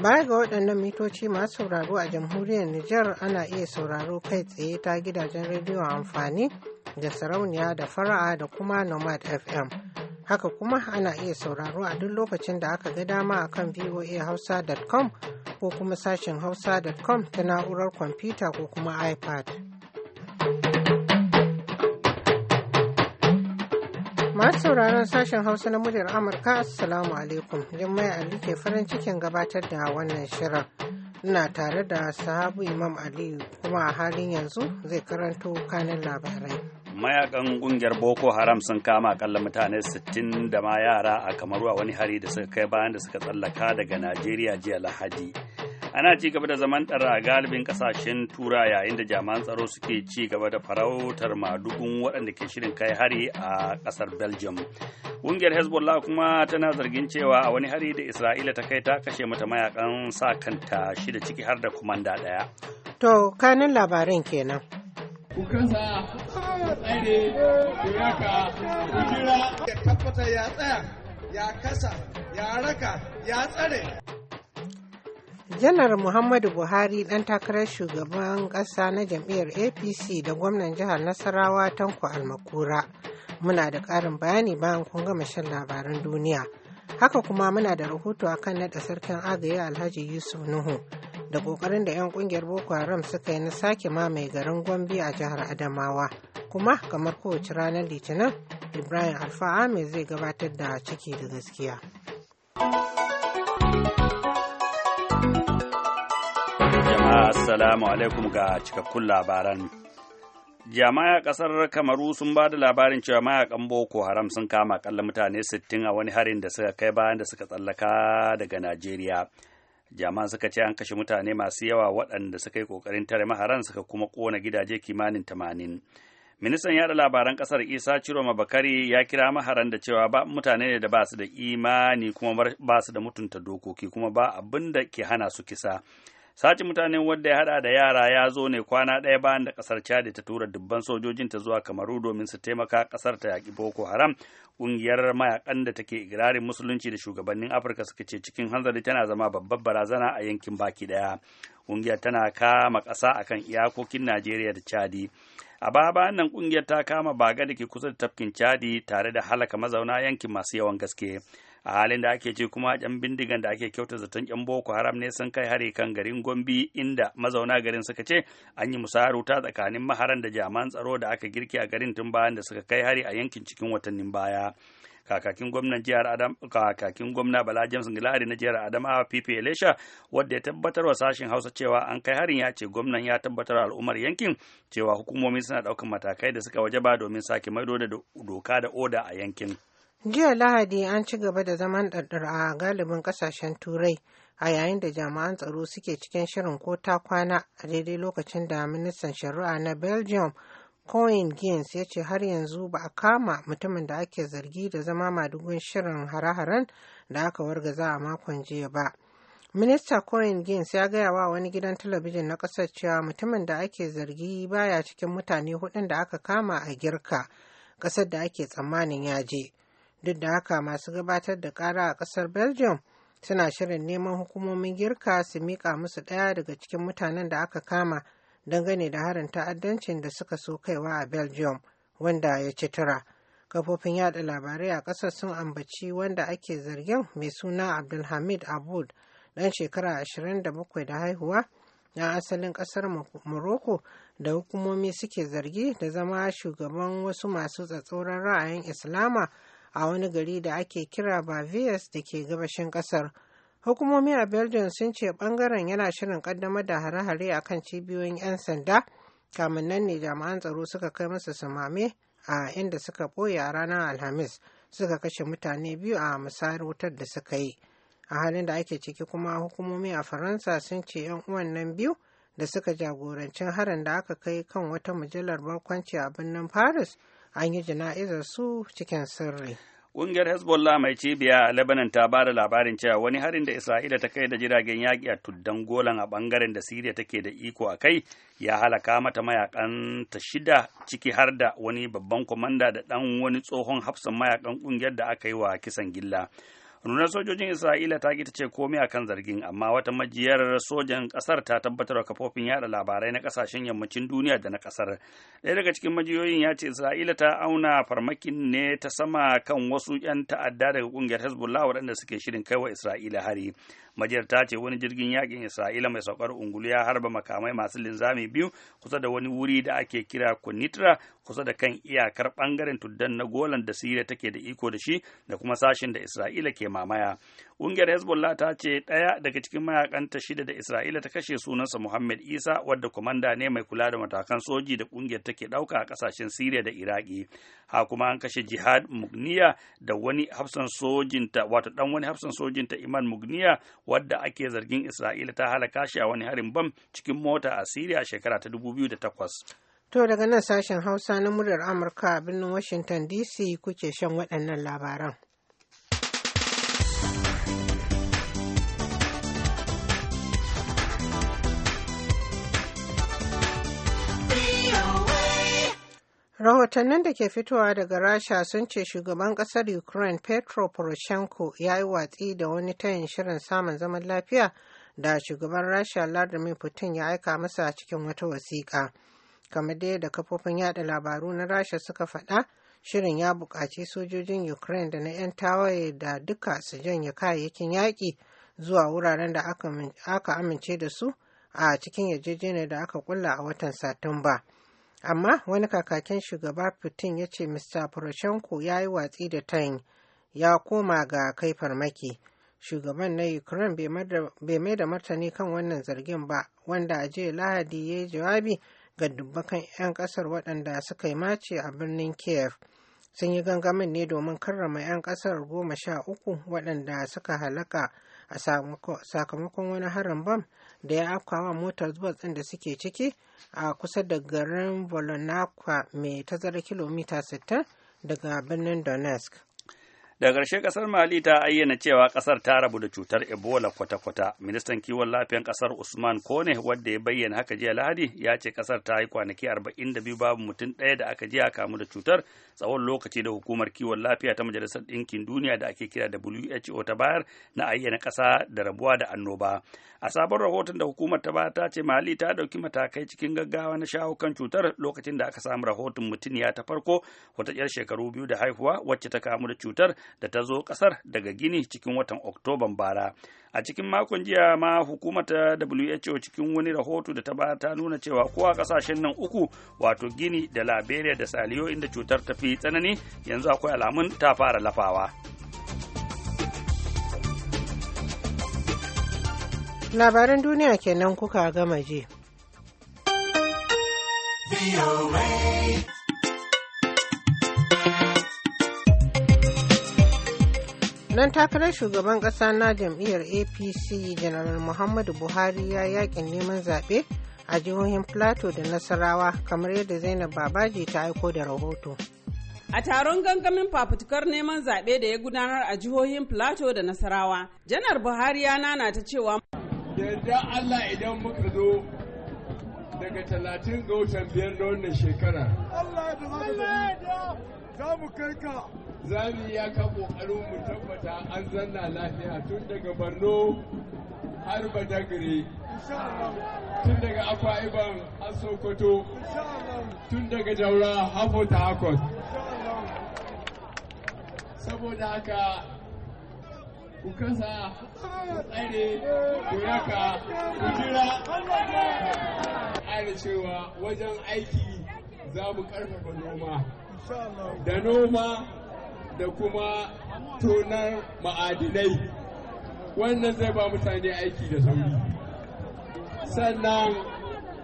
Baya ga waɗannan mitoci masu sauraro a jamhuriyar Nijar ana iya sauraro kai tsaye ta gidajen rediyo amfani da sarauniya da fara'a da kuma Nomad FM. Haka kuma ana iya sauraro a duk lokacin da aka ga dama a kan voahausa.com ko kuma sashen hausa.com ta na'urar kwamfuta ko kuma iPad. Masu sauraron sashen Hausa na muryar Amurka, Assalamu alaikum. Jummai Ali ke farin cikin gabatar da wannan shirin. Ina tare da sahabu Imam Ali, kuma a halin yanzu zai karanto kanin labarai. Mayakan kungiyar Boko Haram sun kama akalla mutane 60 da ma yara a Kamaru a wani hari da suka kai bayan da suka tsallaka daga Najeriya jiya Lahadi. ana ci gaba da zaman ɗara a galibin ƙasashen tura yayin da jami'an tsaro suke ci gaba da farautar madugun waɗanda ke shirin kai hari a ƙasar belgium ƙungiyar hezbollah kuma tana zargin cewa a wani hari da isra'ila ta kai ta kashe mata mayakan sa kanta shida ciki har da kumanda ɗaya to kanin labarin kenan ya tabbata ya tsaya ya kasa ya raka ya tsare janar muhammadu buhari dan takarar shugaban ƙasa na jam'iyyar apc da gwamnan jihar nasarawa tanko almakura muna da ƙarin bayani bayan kun gama shan labaran duniya haka kuma muna da rahoto akan naɗa sarkin agaye alhaji yusuf nuhu da ƙoƙarin da 'yan ƙungiyar boko haram suka yi na sake mamaye garin gombe a jihar adamawa kuma kamar kowace ranar litinin ibrahim alfa'ame zai gabatar da ciki da gaskiya. Assalamu alaikum ga cikakkun labaran. Jama'a ƙasar Kamaru sun ba da labarin cewa mayakan Boko Haram sun kama akalla mutane 60 a wani harin da suka kai bayan da suka tsallaka daga Najeriya. Jama'a suka ce an kashe mutane masu yawa waɗanda suka yi ƙoƙarin tare maharan suka kuma ƙona gidaje kimanin 80. Ministan yada labaran ƙasar Isa Ciroma Bakari ya kira maharan da cewa ba mutane ne da ba su da imani kuma ba su da mutunta dokoki kuma ba abin da ke hana su kisa. sace mutanen wadda ya hada da yara ya zo ne kwana ɗaya bayan da ƙasar chad ta tura dubban sojojinta zuwa kamaru domin su taimaka ƙasar ta yaƙi boko haram ƙungiyar mayakan da take igirarin musulunci da shugabannin afirka suka ce cikin hanzari tana zama babbar barazana a yankin baki ɗaya ƙungiyar tana kama ƙasa akan iyakokin najeriya da chadi a baya bayan nan ƙungiyar ta kama baga da ke kusa da tafkin chadi tare da halaka mazauna yankin masu yawan gaske a halin da ake ce kuma yan bindigan da ake kyauta zaton yan boko haram ne sun kai hari kan garin gombi inda mazauna garin suka ce an yi musaruta tsakanin maharan da jami'an tsaro da aka girki a garin tun bayan da suka kai hari a yankin cikin watannin baya kakakin gwamnan jihar adam kakakin gwamna bala james gilari na jihar adamawa pp elisha wadda ya tabbatar wa sashen hausa cewa an kai harin ya ce gwamnan ya tabbatar al'ummar yankin cewa hukumomi suna ɗaukar matakai da suka waje ba domin sake maido da doka da oda a yankin Jiya Lahadi an ci gaba da zaman ɗaɗɗar a galibin ƙasashen Turai a yayin da jami'an tsaro suke cikin shirin ko ta kwana a daidai lokacin da ministan shari'a na Belgium Cohen gains ya ce har yanzu ba a kama mutumin da ake zargi da zama madugun shirin hare-haren da aka wargaza a makon jiya ba. Minista coen gains ya gaya wa wani gidan talabijin na ƙasar cewa mutumin da ake zargi baya cikin mutane hudun da aka kama a girka ƙasar da ake tsammanin ya je. duk da haka masu gabatar da kara a kasar belgium suna shirin neman hukumomin girka su mika musu ɗaya daga cikin mutanen da aka kama dangane da harin ta'addancin da suka so kaiwa a belgium wanda ya ci tura kafofin yada labarai a ƙasar sun ambaci wanda ake zargin mai suna abdulhamid abud dan shekara 27 da haihuwa na asalin ƙasar morocco da hukumomi suke zargi da zama shugaban wasu masu tsatsauran ra'ayin islama a wani gari da ake kira Bavias da ke gabashin kasar. Hukumomi a Belgium sun ce bangaren yana shirin kaddamar da hare-hare a kan cibiyoyin 'yan sanda, kamun nan ne jami'an tsaro suka kai masa samame a inda suka ɓoye a ranar Alhamis suka kashe mutane biyu a musayar wutar da suka yi. A halin da ake ciki kuma hukumomi a Faransa sun ce 'yan uwan nan biyu da suka jagorancin harin da aka kai kan wata mujallar barkwanci a birnin Paris an yi jana'izar su cikin sirri Ƙungiyar Hezbollah mai cibiya a Lebanon ta ba da labarin cewa wani harin da Isra'ila ta kai da jiragen yaƙi a tuddan golan a ɓangaren da Siriya take da iko a kai ya halaka mata mayakan ta shida ciki har da wani babban kwamanda da ɗan wani tsohon hafsan mayakan ƙungiyar da aka yi wa kisan gilla. rundunar sojojin isra'ila ta ta ce komai akan zargin amma wata majiyar sojan kasar ta tabbatar kafofin yada labarai na kasashen yammacin duniya da na kasar ɗaya daga cikin majiyoyin ya ce isra'ila ta auna farmakin ne ta sama kan wasu 'yan ta'adda daga kungiyar hezbollah waɗanda suke shirin kai wa isra'ila hari majiyar ta ce wani jirgin yakin isra'ila mai saukar ungulu ya harba makamai masu linzami biyu kusa da wani wuri da ake kira kunitra kusa da kan iyakar ɓangaren tuddan na golan da siriya take da iko da shi da kuma sashen da isra'ila ke mamaya ƙungiyar hezbollah ta ce ɗaya daga cikin mayakanta shida da isra'ila ta kashe sunansa muhammad isa wadda kwamanda ne mai kula da matakan soji da ƙungiyar take ɗauka a ƙasashen siriya da iraki ha kuma an kashe jihad mugniya da wani hafsan sojinta wato ɗan wani hafsan sojinta iman mugniya wadda ake zargin isra'ila ta halaka shi a wani harin bam cikin mota a siriya shekara ta 2008 To daga nan sashen Hausa na muryar Amurka a birnin Washington DC kuke shan waɗannan labaran. Rahotannin da ke fitowa daga Rasha sun ce shugaban ƙasar Ukraine Petro Poroshenko ya yi watsi da wani tayin shirin samun zaman lafiya da shugaban Rasha Vladimir Putin ya aika masa cikin wata wasiƙa. kamar dai da kafofin yada labaru na rasha suka faɗa shirin ya buƙaci sojojin ukraine da na 'yan tawaye da duka su janye kayayyakin yaƙi zuwa wuraren da aka amince da su a cikin yarjejeniyar da aka kulla a watan satumba amma wani kakakin shugaba putin ya ce mr poroshenko ya yi watsi da tan ya koma ga kai farmaki shugaban na ukraine bai mai da martani kan wannan zargin ba wanda a jiya lahadi ya yi jawabi ga dubbakan 'yan kasar waɗanda suka yi mace a birnin kiev sun yi gangamin ne domin karrama 'yan kasar goma sha uku waɗanda suka halaka a sakamakon wani harin bam da ya afkawa motar bus ɗin da suke ciki a kusa da garin volonakwa mai tazara kilomita 60 daga birnin donetsk daga ƙarshe ƙasar mali ta ayyana cewa ƙasar ta rabu da cutar ebola kwata-kwata ministan kiwon lafiyan ƙasar usman kone wanda ya bayyana haka jiya lahadi ya ce ƙasar ta yi kwanaki biyu babu mutum ɗaya da aka ji a kamu da cutar tsawon lokaci da hukumar kiwon lafiya ta majalisar ɗinkin duniya da ake kira who ta bayar na ayyana ƙasa da rabuwa da annoba a sabon rahoton da hukumar ta ba ta ce mali ta ɗauki matakai cikin gaggawa na shawo kan cutar lokacin da aka samu rahoton mutuniya ta farko wata yar shekaru biyu da haihuwa wacce ta kamu da cutar da ta zo kasar daga gini cikin watan oktoban bara a cikin makon jiya ma hukumar ta who cikin wani rahoto da ta ba ta nuna cewa kowa kasashen nan uku wato gini da liberia da saliyo inda cutar ta fi tsanani yanzu akwai alamun ta fara lafawa. labaran duniya kenan kuka gama je. Nan takarar shugaban ƙasa na jam'iyyar APC Janar Muhammadu Buhari ya yakin neman zaɓe a jihohin Plateau da Nasarawa kamar yadda Zainab Babaji ta aiko da rahoto. A taron gangamin fafutukar neman zaɓe da ya gudanar a jihohin Plateau da Nasarawa, Janar Buhari ya nana ta cewa yadda Allah idan muka zo daga talatin ga watan biyar da wannan shekara. Allah ya za mu kai ka. Za mu ya ka ƙoƙarin mu tabbata an zanna lafiya tun daga barno har dagare Tun daga Akwa iban har Sokoto. Tun daga Jaura har Port Harcourt. Saboda haka ku kasa ku tsare ku yaka ku jira cewa wajen aiki za mu ƙarfafa noma da noma da kuma tonar ma'adinai wannan zai ba mutane aiki da sauri sannan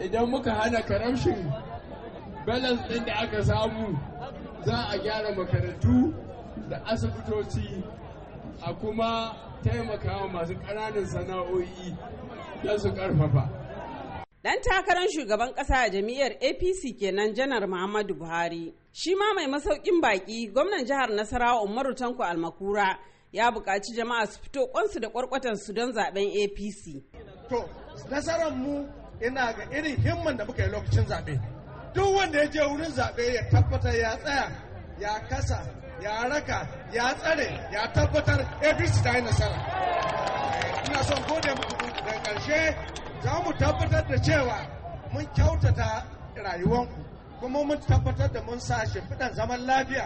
idan muka hana karamshin balans ɗin da aka samu za a gyara makarantu da asibitoci a kuma taimakawa masu ƙananan sana'o'i don su ƙarfafa. Dan takarar shugaban ƙasa a jam'iyyar APC kenan janar Muhammadu Buhari. Shi ma mai masaukin baƙi gwamnan jihar Nasarawa Umaru Tanko Almakura ya buƙaci jama'a su fito kwansu da kwarkwatansu don zaben APC. To, nasarar mu ina ga irin himman da muka yi lokacin zaɓe. Duk wanda ya je wurin zaɓe ya tabbata ya tsaya ya kasa ya raka ya tsare ya tabbatar abc ta yi nasara ina son gode muku da karshe za mu tabbatar da cewa mun kyautata rayuwanku kuma mun tabbatar da mun sa shimfiɗan zaman lafiya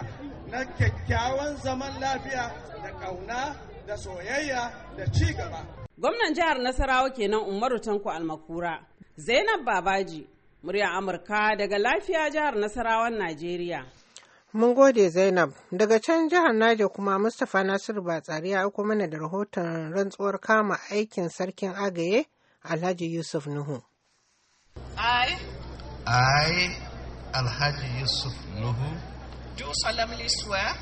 na kyakkyawan zaman lafiya da ƙauna da soyayya da cigaba. Gwamnan jihar Nasarawa kenan Umaru Tanko Almakura, Zainab Babaji, murya Amurka daga lafiya jihar Nasarawan Najeriya. Mun gode Zainab. Daga can jihar Naja kuma Mustapha Nasiru Batsari ya aiko mana da rahoton rantsuwar kama aikin sarkin agaye Alhaji Yusuf Nuhu. Ai. Ai Alhaji Yusuf Nuhu, do solemnly swear,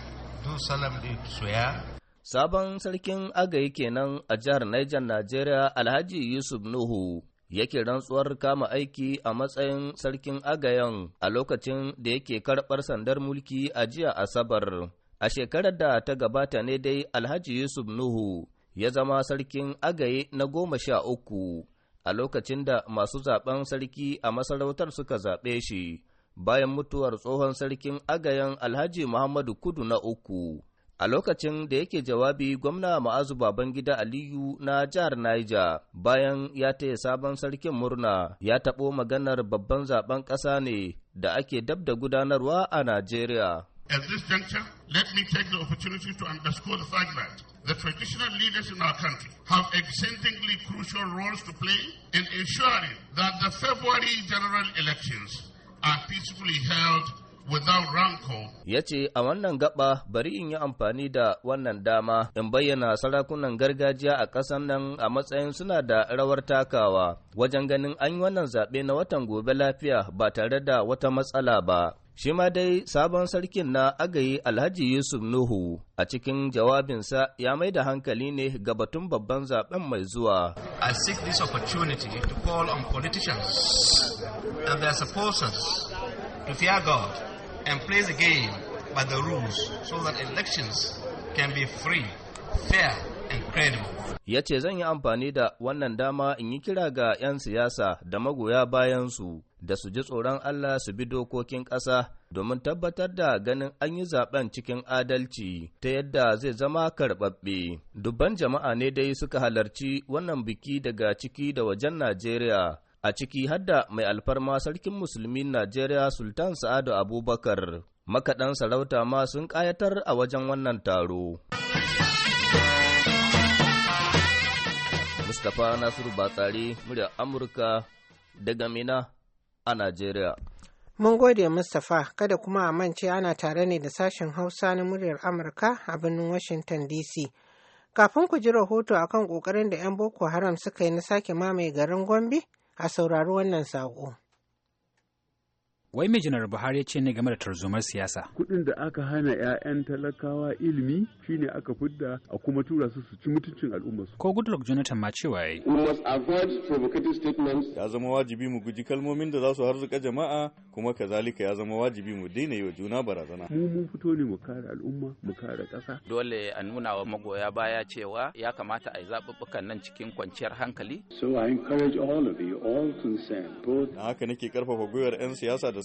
do solemnly swear, Sabon sarkin agaye kenan a jihar Naija Najeriya Alhaji Yusuf Nuhu yake rantsuwar kama aiki a matsayin sarkin agayan a lokacin da yake karɓar sandar mulki a jiya Asabar. A shekarar da ta gabata ne dai Alhaji Yusuf Nuhu ya zama sarkin agaye na goma sha uku a lokacin da masu zaben sarki a masarautar suka zaɓe shi bayan mutuwar tsohon sarkin agayan Alhaji Muhammadu Kudu na uku. A lokacin da yake jawabi gwamna ma'azu Babangida Aliyu na jihar Niger bayan ya taya sabon sarkin murna ya taɓo maganar babban zaben ƙasa ne da ake dab da gudanarwa a Najeriya. At this juncture, let me take the opportunity to underscore the fact that the traditional leaders in our country have exceedingly crucial roles to play in ensuring that the February general elections are peacefully held Ya ce a wannan gaba bari in yi amfani da wannan dama in bayyana sarakunan gargajiya a ƙasar nan a matsayin suna da rawar takawa wajen ganin an yi wannan zaɓe na watan gobe lafiya ba tare da wata matsala ba. Shi ma dai sabon sarkin na agayi Alhaji Yusuf Nuhu a cikin jawabinsa ya mai da hankali ne ga batun babban zaben mai zuwa. I seek this opportunity to call on politicians and their supporters to fear God and play the game by the rules so that elections can be free, fair and credible. Ya ce zan yi amfani da wannan dama in yi kira ga 'yan siyasa da magoya bayansu da su ji tsoron Allah su bi dokokin ƙasa domin tabbatar da ganin an yi zaben cikin adalci ta yadda zai zama karɓaɓɓe. Dubban jama'a ne dai suka halarci wannan biki daga ciki da wajen Najeriya a ciki hadda mai alfarma sarkin musulmin Najeriya Sultan Sa'adu Abubakar. Makaɗan sarauta ma sun ƙayatar a wajen wannan taro. Mustapha Nasiru Batsari, murya Amurka daga Mina a Najeriya. Mun gode Mustapha, kada kuma a mance ana tare ne da sashen Hausa na muryar Amurka a birnin Washington DC. Kafin ku ji rahoto akan ƙoƙarin da 'yan Boko Haram suka yi na sake mamaye garin Gombe, a saurari wannan saƙo. Wai mai janar Buhari ce ne game da tarzomar siyasa. Kuɗin da aka hana 'ya'yan talakawa ilimi shine aka fidda a kuma tura su su ci mutuncin al'ummarsu. Ko Goodluck Jonathan ma cewa yayi. Ya zama wajibi mu guji kalmomin da za su harzuka jama'a kuma kazalika ya zama wajibi mu daina yi wa juna barazana. Mu mun fito ne mu kare al'umma mu kare ƙasa. Dole a nuna wa magoya baya cewa ya kamata a yi zaɓuɓɓukan nan cikin kwanciyar hankali. So I encourage all of you all concerned. Both... Na haka nake karfafa gwiwar 'yan siyasa da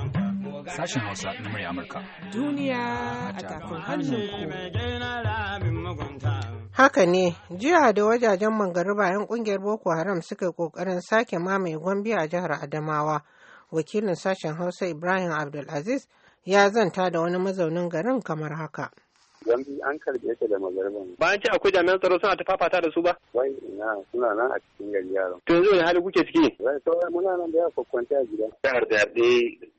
sashen Hausa na murya Amurka. Duniya a tafin hannunku. Haka ne, jiya da wajajen mangariba 'yan kungiyar Boko Haram suka kokarin sake mamaye Gombe a jihar Adamawa. Wakilin sashen Hausa Ibrahim Abdulaziz ya zanta da wani mazaunin garin kamar haka. Zambi an karbe ta da magarban. Bayan ce akwai jami'an tsaro suna ta fafata da su ba? Wai ina suna nan a cikin gari yaro? To yanzu wani hali kuke ciki? Wai to muna nan da ya kwakwanta a gida. Jihar da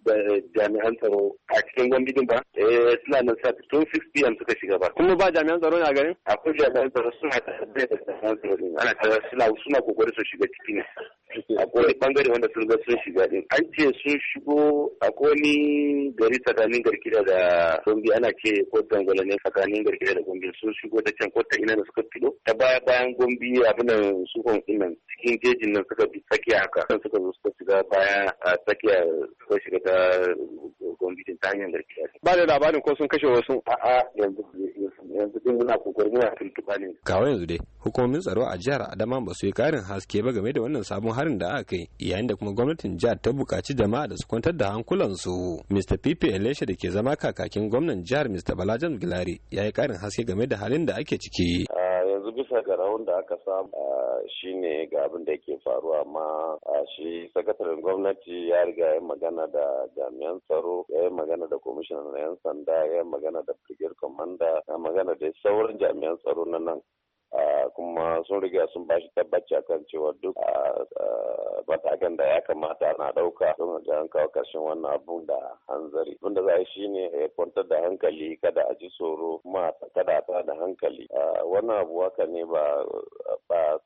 da eh, jami'an tsaro a cikin gwamnatin ba eh, suna nan sa tun 6 pm suka shiga ba kuma ba jami'an tsaro ne a garin akwai jami'an tsaro suna tare da jami'an tsaro ana tare suna suna kokari su shiga ciki ne akwai bangare wanda sun ga sun shiga din an ce sun shigo akwai wani gari tsakanin garkida da gombe ana ce ko dangwala ne tsakanin garkida da gombe sun shigo da can ko ta ina da suka fito ta baya bayan gombe abin da su nan cikin jejin nan suka bi tsakiya haka suka zo suka shiga baya a tsakiya suka shiga ta gombe ta hanyar garkiya. Ba da labarin ko sun kashe wasu. A'a yanzu yanzu din muna kokari muna tuntuba ne kawo yanzu dai hukumomin tsaro a jihar adama ba su yi karin haske ba game da wannan sabon harin da aka yi yayin da kuma gwamnatin jihar ta buƙaci jama'a da su kwantar da hankulansu mr Pipe elisha da ke zama kakakin gwamnan jihar mr balajan gilari ya yi karin haske game da halin da ake ciki yanzu bisa ga rahon da aka samu Shi ne ga abin da yake faruwa amma shi sakataren gwamnati ya riga ya magana da jami'an tsaro ya yi magana da kwamishinan 'yan sanda ya yi magana da brigade commander ya magana da sauran jami'an tsaro na nan kuma sun riga sun bashi tabbaci akan cewa duk matakan da ya kamata na ɗauka don ga an kawo karshen wannan abun da hanzari abin da za a shi ne ya kwantar da hankali kada a ji tsoro kuma kada a da hankali wannan abu haka ne ba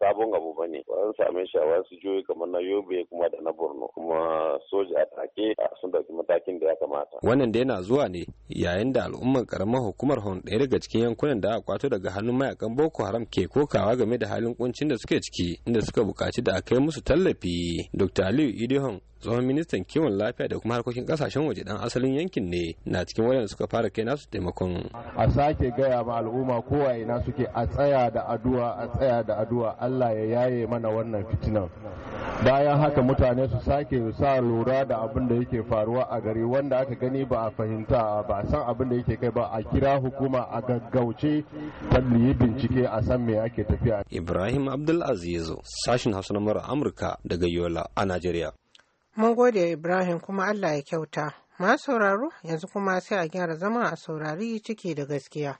sabon abu ba ne an same shi a wasu joyi kamar na yobe kuma da na borno kuma soja a take sun ɗauki matakin da ya kamata wannan da yana zuwa ne yayin da al'ummar karamar hukumar hon ɗaya daga cikin yankunan da aka kwato daga hannun mayakan boko haram ke kokawa game da halin kuncin da suke ciki inda suka bukaci da a kai musu tallafi dr aliyu idihon tsohon ministan kiwon lafiya da kuma harkokin kasashen waje dan asalin yankin ne na cikin waɗanda suka fara kai nasu taimakon a sake gaya ma al'umma kowaye ina suke a tsaya da addu'a a tsaya da addu'a Allah ya yaye mana wannan fitinan bayan haka mutane su sake sa lura da abin da yake faruwa a gari wanda aka gani ba a fahimta ba san abin da yake kai ba a kira hukuma a gaggauce ta yi bincike a san me ake tafiya ibrahim abdulaziz sashin hausa na mara amurka daga yola a najeriya mun gode ibrahim kuma allah ya kyauta ma sauraro yanzu kuma sai a gyara zama a saurari ciki da gaskiya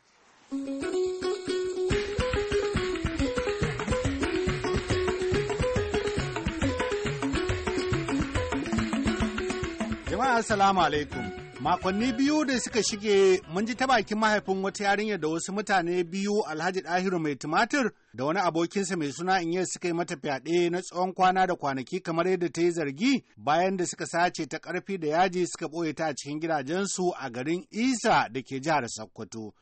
Jama'a assalamu alaikum. Makonni biyu da suka shige mun ji ta bakin mahaifin wata yarinya da wasu mutane biyu Alhaji Dahiru mai tumatir da wani abokinsa mai suna Inyas suka yi mata fyaɗe na tsawon kwana da kwanaki kamar yadda ta yi zargi bayan da suka sace ta ƙarfi da yaji suka ɓoye ta a cikin gidajensu a garin Isa da ke jihar Sokoto.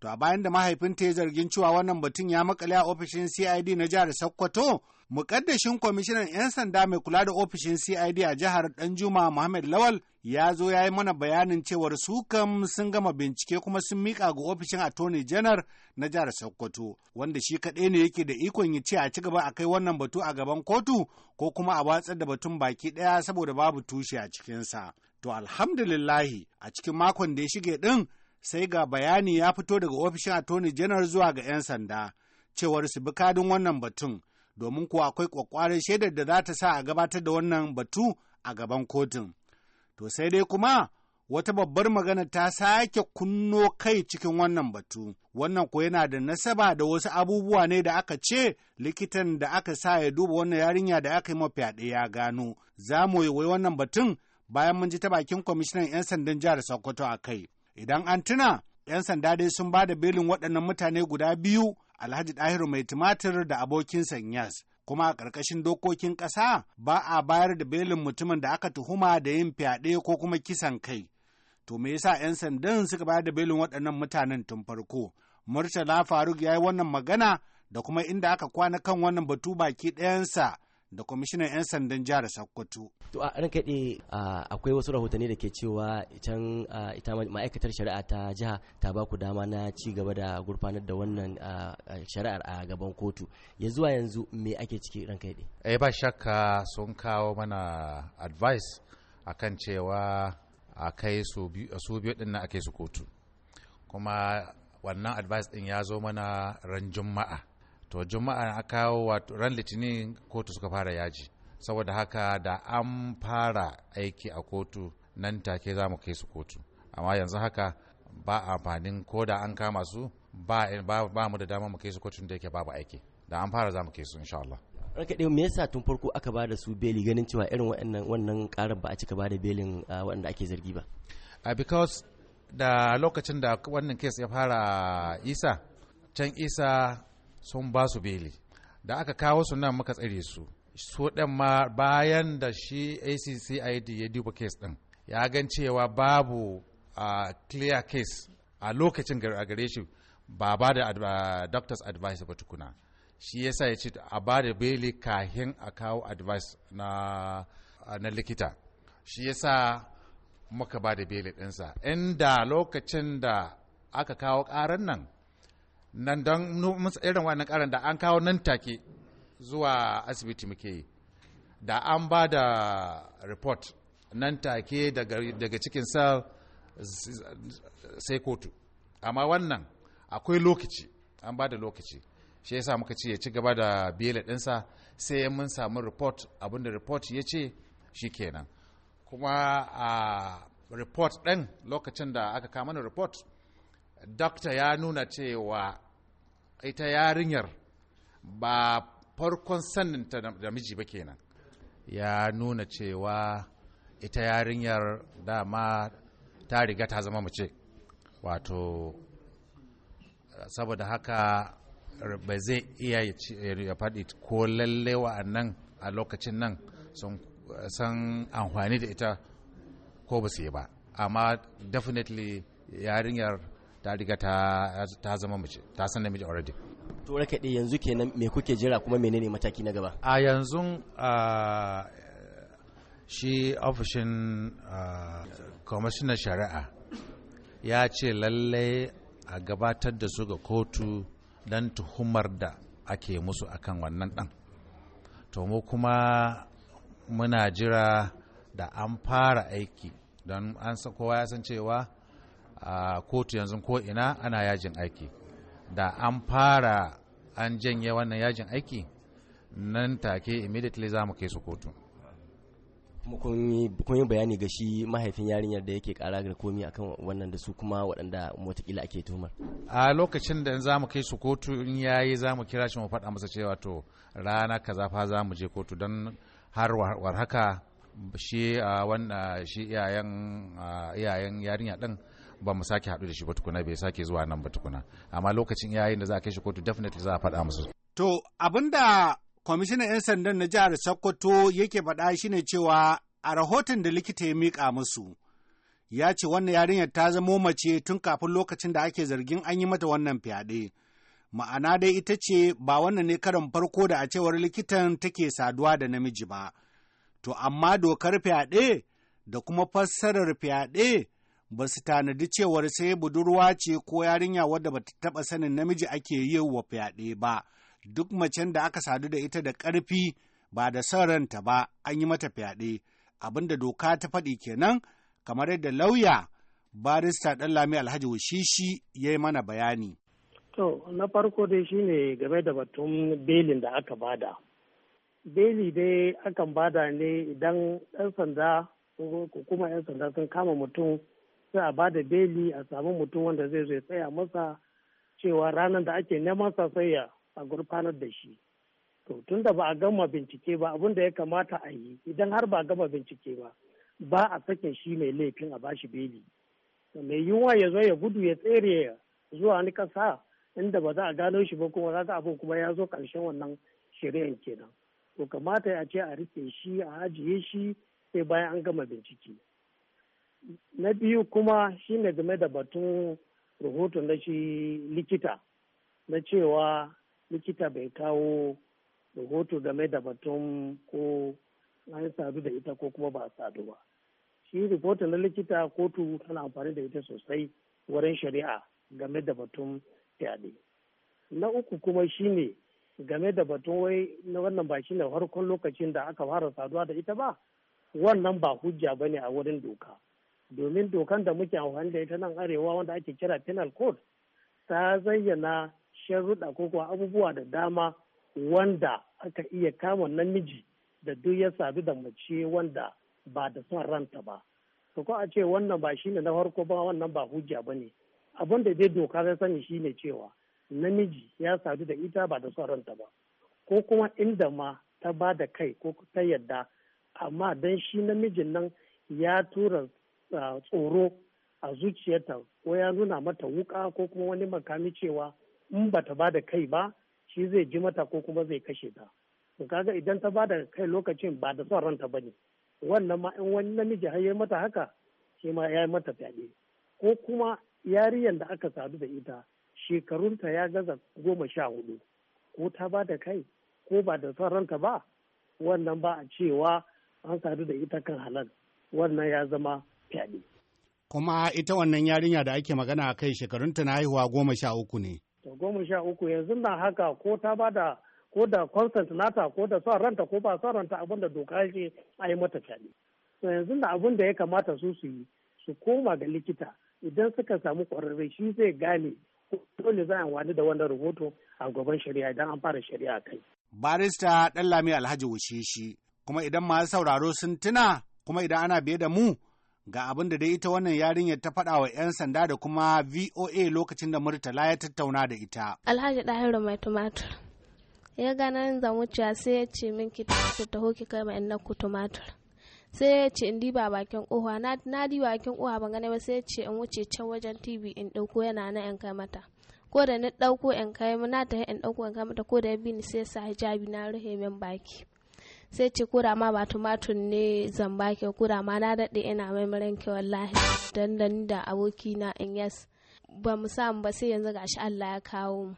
To a bayan da mahaifinta ya zargin cewa wannan batun ya makale a ofishin CID na jihar Sokoto, mukaddashin kwamishinan 'yan sanda mai kula da ofishin CID a jihar Danjuma Muhammad Lawal ya zo ya yi mana bayanin cewar su kam sun gama bincike kuma sun mika ga ofishin Attorney General na jihar Sokoto, wanda shi kaɗai ne yake da ikon ya ce a ci gaba a kai wannan batu a gaban kotu ko kuma a watsar da batun baki ɗaya saboda babu tushe a cikinsa. To alhamdulillahi a cikin makon da ya shige ɗin sai ga bayani ya fito daga ofishin attorney general zuwa ga 'yan sanda cewar su bi kadin wannan batun domin kuwa akwai kwakwarin shaidar da za ta sa a gabatar da wannan batu a gaban kotun. To sai dai kuma wata babbar magana ta sake kunno kai cikin wannan batu. Wannan ko yana da nasaba da wasu abubuwa ne da aka ce likitan da aka sa ya duba wannan yarinya da aka yi fyaɗe ya gano. Za mu yi wannan batun bayan mun ji ta bakin kwamishinan 'yan sandan jihar Sokoto a kai. Idan an tuna, 'yan sanda dai sun ba da belin waɗannan mutane guda biyu Alhaji Ɗahiru mai tumatir da abokin Sanyas. Kuma a ƙarƙashin dokokin ƙasa ba a bayar da belin mutumin da aka tuhuma da yin fyaɗe ko kuma kisan kai. To me yasa 'yan sandan suka bayar da belin waɗannan mutanen tun farko? Murtala Faruk ya yi wannan magana da kuma inda aka kwana kan wannan batu baki ɗayansa da kwamishinan 'yan sandan jihar Sokoto. To a ran kaɗe akwai wasu rahotanni da ke cewa can ita ma'aikatar shari'a ta jiha ta ba ku dama na ci gaba da gurfanar da wannan shari'ar a gaban kotu. Ya zuwa yanzu me ake ciki ran kaɗe? Eh ba shakka sun kawo mana advice akan cewa a kai su biyu din na ake su kotu. Kuma wannan advice ɗin ya zo mana ran juma'a. to juma'a a kawo wato ran litinin kotu suka fara yaji saboda haka da an fara aiki a kotu nan take za mu kai su kotu amma yanzu haka ba amfanin ko da an kama su ba, ba, mu da dama mu kai su kotun da yake babu aiki da an fara za mu kai su insha Allah raka ɗaya me yasa tun farko aka ba da su beli ganin cewa irin wannan wannan karar ba a cika bada belin waɗanda ake zargi ba a because da lokacin da wannan kes ya fara isa can isa sun ba su beli da aka kawo su nan muka tsare su su ɗin ma bayan da shi accid ya duba case ɗin ya gan cewa babu a clear case a lokacin gare shi ba ba da doctor's advice ba tukuna shi yasa ya ce a ba da beli kahin a kawo advice na likita shi yasa muka ba da beli ɗinsa inda lokacin da aka kawo ƙarar nan nan don irin wannan karan da an kawo nan take zuwa asibiti muke yi da an ba da report nan take daga cikin sa sai kotu amma wannan akwai lokaci an ba da lokaci shi yasa muka ce ya ci gaba da bela ɗinsa sai mun samu report abinda report ya ce shi kenan kuma a ah, report ɗin lokacin da aka kama report Dakta ya nuna cewa ita yarinyar ba farkon saninta da miji ba kenan ya nuna cewa ita yarinyar dama ta riga ta zama mace wato saboda haka ba zai iya ya faɗi ko lalle wa'annan a lokacin nan sun amfani da ita ko ba su yi ba amma definitely yarinyar ta riga ta zama mace ta san namiji already to raka dai yanzu kenan me kuke jira kuma menene mataki na gaba a yanzu shi ofishin commissioner shari'a ya ce lallai a gabatar da su ga kotu don tuhumar da ake musu akan wannan dan. to mu kuma muna jira da an fara aiki don an kowa ya san cewa a kotu yanzu ko ina ana yajin aiki da an fara an janye wannan yajin aiki nan take immediately za mu kai su kotu kun yi bayani ga shi mahaifin yarinyar da yake kara da komi akan wannan da su kuma waɗanda watakila ake tuhumar a lokacin da za mu kai su kotu in yayi za mu kira shi mu faɗa masa cewa to rana kaza fa za mu je kotu don har war haka shi a shi iyayen yarinya ɗin. ba mu sake haɗu da shi ba tukuna bai sake zuwa nan ba tukuna amma lokacin yayin da za a kai shi kotu definitely za a faɗa musu. To abinda kwamishinan 'yan sandan na jihar Sokoto yake faɗa shine cewa a rahoton da likita ya miƙa musu ya ce wannan yarinyar ta zamo mace tun kafin lokacin da ake zargin an yi mata wannan fyaɗe. Ma'ana dai ita ce ba wannan ne karon farko da a cewar likitan take saduwa da namiji ba. To amma dokar fyaɗe da kuma fassarar fyaɗe ba su tanadi cewar sai budurwa ce ko yarinya wadda bata taba sanin namiji ake yi wa fyaɗe ba duk macen da aka sadu da ita da ƙarfi ba da son ranta ba an yi mata fyaɗe abinda doka ta faɗi kenan kamar yadda lauya barista ɗan lami alhaji washishi ya yi mana bayani to na farko dai shine game da batun belin da aka bada beli dai akan bada ne idan ɗan sanda ko kuma 'yan sanda sun kama mutum sai a ba da beli a samu mutum wanda zai zo ya tsaya masa cewa ranar da ake neman sa sai ya a gurfanar da shi to tun da ba a gama bincike ba abin da ya kamata a yi idan har ba a gama bincike ba ba a sakin shi mai laifin a bashi beli mai yiwuwa ya zo ya gudu ya tsere zuwa wani kasa inda ba za a gano shi ba kuma za ka abin kuma ya zo karshen wannan shirin kenan to kamata ya ce a rike shi a ajiye shi sai bayan an gama bincike na biyu kuma shine game da batun rahoton na shi likita na cewa likita bai kawo rahoto game da batun ko an sadu da ita ko kuma ba a sadu ba shi rahoton na likita kotu tana amfani da ita sosai wurin shari'a game da batun fyaɗe na uku kuma shine game da batun wai na wannan ba shine farkon lokacin da aka fara saduwa da ita ba wannan ba hujja bane a wurin doka domin dokan da muke amfani da ita nan arewa wanda ake kira penal code ta zayyana sharuɗa ko kuwa abubuwa da dama wanda aka iya kama namiji da duk ya sadu da mace wanda ba da son ranta ba to ko a ce wannan ba shine na farko ba wannan ba hujja ba ne abin da dai doka ta sani shine cewa namiji ya sadu da ita ba da son ranta ba ko kuma inda ma ta ba da kai ko ta yadda amma dan shi namijin nan ya tura tsoro a zuciyarta ko ya nuna mata wuka ko kuma wani makami cewa in bata ba da kai ba shi zai ji mata ko kuma zai kashe ta to kaga idan ta bada kai lokacin ba da son ranta ba ne wannan ma in wani namiji har ya mata haka shi ma ya yi mata fyaɗe ko kuma yariyan da aka sadu da ita shekarunta ya gaza goma sha hudu ko ta ba da kai ko ba da son ranta ba wannan ba a cewa an sadu da ita kan halal wannan ya zama Kuma ita wannan yarinya da ake magana a kai shekarunta na haihuwa goma sha uku ne. Goma sha uku yanzu na haka ko ta ba da ko da constant nata ko da son ranta ko ba son ranta abin da doka ce a yi mata fyaɗe. To yanzu da abin da ya kamata su su yi su koma ga likita idan suka samu ƙwararre shi zai gane ko dole za a wani da wannan rahoto a gaban shari'a idan an fara shari'a kai. Barista Ɗanlami Alhaji wuce shi kuma idan masu sauraro sun tuna kuma idan ana biye da mu ga abin da dai ita wannan yarinyar ta faɗa wa 'yan sanda da kuma VOA lokacin da Murtala ya tattauna da ita. Alhaji Dahiru mai tumatur. Ya gana zan zamuciya sai ya ce min ki taho ki kai ma inna ku tumatur. Sai ya ce in diba bakin ƙofa na na diba bakin ƙofa ban gane ba sai ya ce in wuce can wajen TV in ɗauko yana na in kai mata. Ko da na ɗauko in kai na ta in ɗauko 'yan kai mata ko da ya bi ni sai sa hijabi na rufe min baki. sai ce kura ma ba tumatur ne zamba ke kura ma na daɗe ina maimaren ke wallahi dandan da aboki na in yas ba mu samu ba sai yanzu gashi Allah ya kawo mu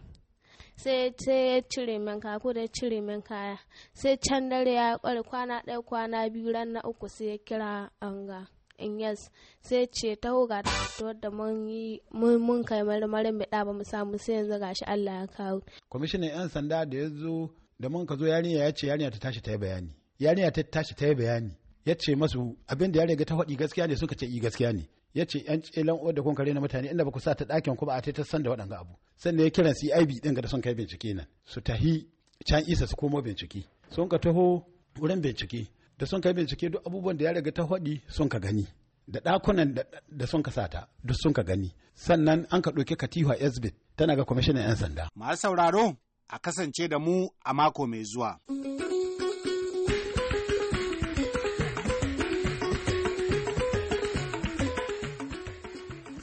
sai sai ya cire min kaya ko da ya cire min kaya sai can dare ya kware kwana ɗaya kwana biyu ran na uku sai ya kira anga in yes sai ce ta ga ta wadda mun yi mun kai marmarin bida ba mu samu sai yanzu gashi Allah ya kawo kwamishinan yan sanda da ya zo da mun ka zo yarinya ya ce yarinya ta tashi ta yi bayani yarinya ta tashi ta yi bayani ya ce masu abin da yarinya ta faɗi gaskiya ne suka ce i gaskiya ne ya ce yan tsilan uwar da kun kare na mutane inda ba ku sa ta ɗakin ku ba a ta ta san da waɗanga abu sannan ya kiran CIB ɗin ga da sun kai bincike nan su tahi can isa su komo bincike sun ka taho wurin bincike da sun kai bincike duk abubuwan da ya riga ta faɗi sun ka gani da ɗakunan da sun ka sata duk sun ka gani sannan an ka ɗauki katifa esbit tana ga kwamishinan 'yan sanda. Masu sauraro a kasance da mu a mako mai zuwa.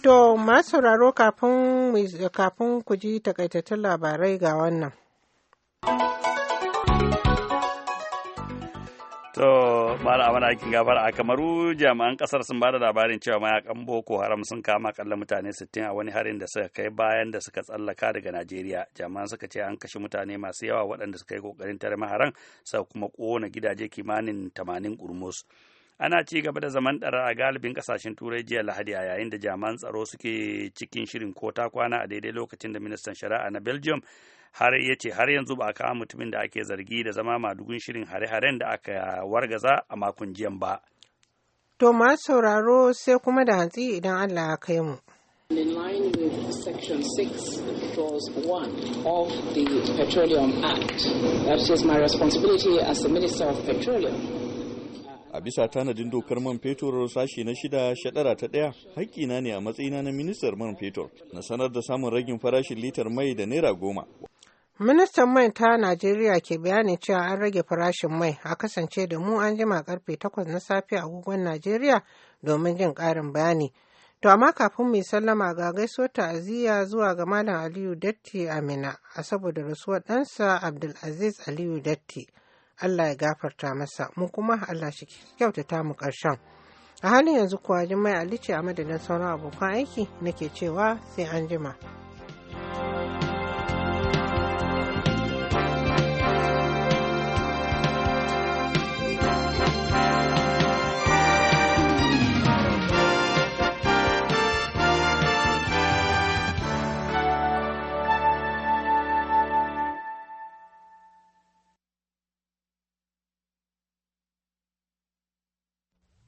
To masu sauraro kafin ku ji takaitattun labarai ga wannan. To, mala mana aikin gabar a Kamaru jami'an kasar sun bada labarin cewa mayakan Boko Haram sun kama kalla mutane 60 a wani harin da suka kai bayan da suka tsallaka daga Najeriya. Jami'an suka ce an kashe mutane masu yawa waɗanda suka yi kokarin tare maharan sa kuma kona gidaje kimanin 80 kurmus. Ana ci gaba da zaman ɗara a galibin ƙasashen Turai jiya Lahadi a yayin da jami'an tsaro suke cikin shirin ko ta kwana a daidai lokacin da ministan shari'a na Belgium har ya ce har yanzu ba a kama mutumin da ake zargi da zama madugun shirin hare-haren da aka wargaza a makon jiyan ba. To ma sauraro sai kuma da hantsi idan Allah ya kai mu. In line with Section 6, clause a bisa tanadin dokar man fetur sashi na shida shaɗara ta ɗaya hakkina ne a matsayina na ministar man fetur na sanar da samun ragin farashin litar mai da naira goma Ministan mai ta Najeriya ke bayanin cewa an rage farashin mai a kasance da mu an jima karfe 8 na safe a agogon Najeriya domin jin ƙarin bayani. To amma kafin mu sallama ga gaiso aziya zuwa ga Malam Aliyu Datti Amina a saboda rasuwar ɗansa Abdulaziz Aliyu Datti. Allah ya gafarta masa mu kuma Allah shi kyautata mu ƙarshen. A halin yanzu kuwa Jummai Ali ce a madadin sauran abokan aiki nake cewa sai an jima.